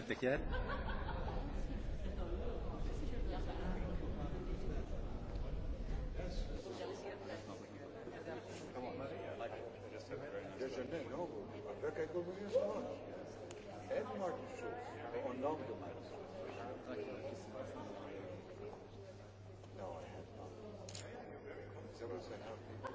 Teker. Dejeuner, ne olur? Bak ekonomimiz var. Ev markası. Ondan dolayı. No, I have not. Several said how people.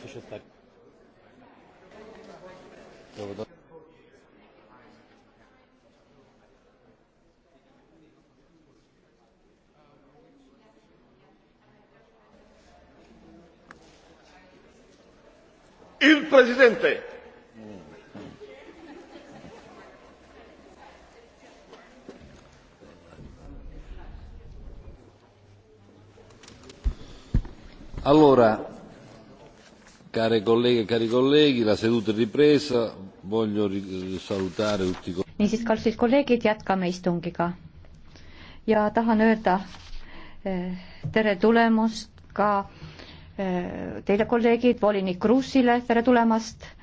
fishes that nagu Il presidente. Allora, Care colleghe e cari colleghi, la seduta è ripresa, voglio salutare tutti i niisiis, kallid kolleegid, jätkame istungiga. ja tahan öelda eh, tere tulemast ka eh, teile, kolleegid, volinik Kruusile, tere tulemast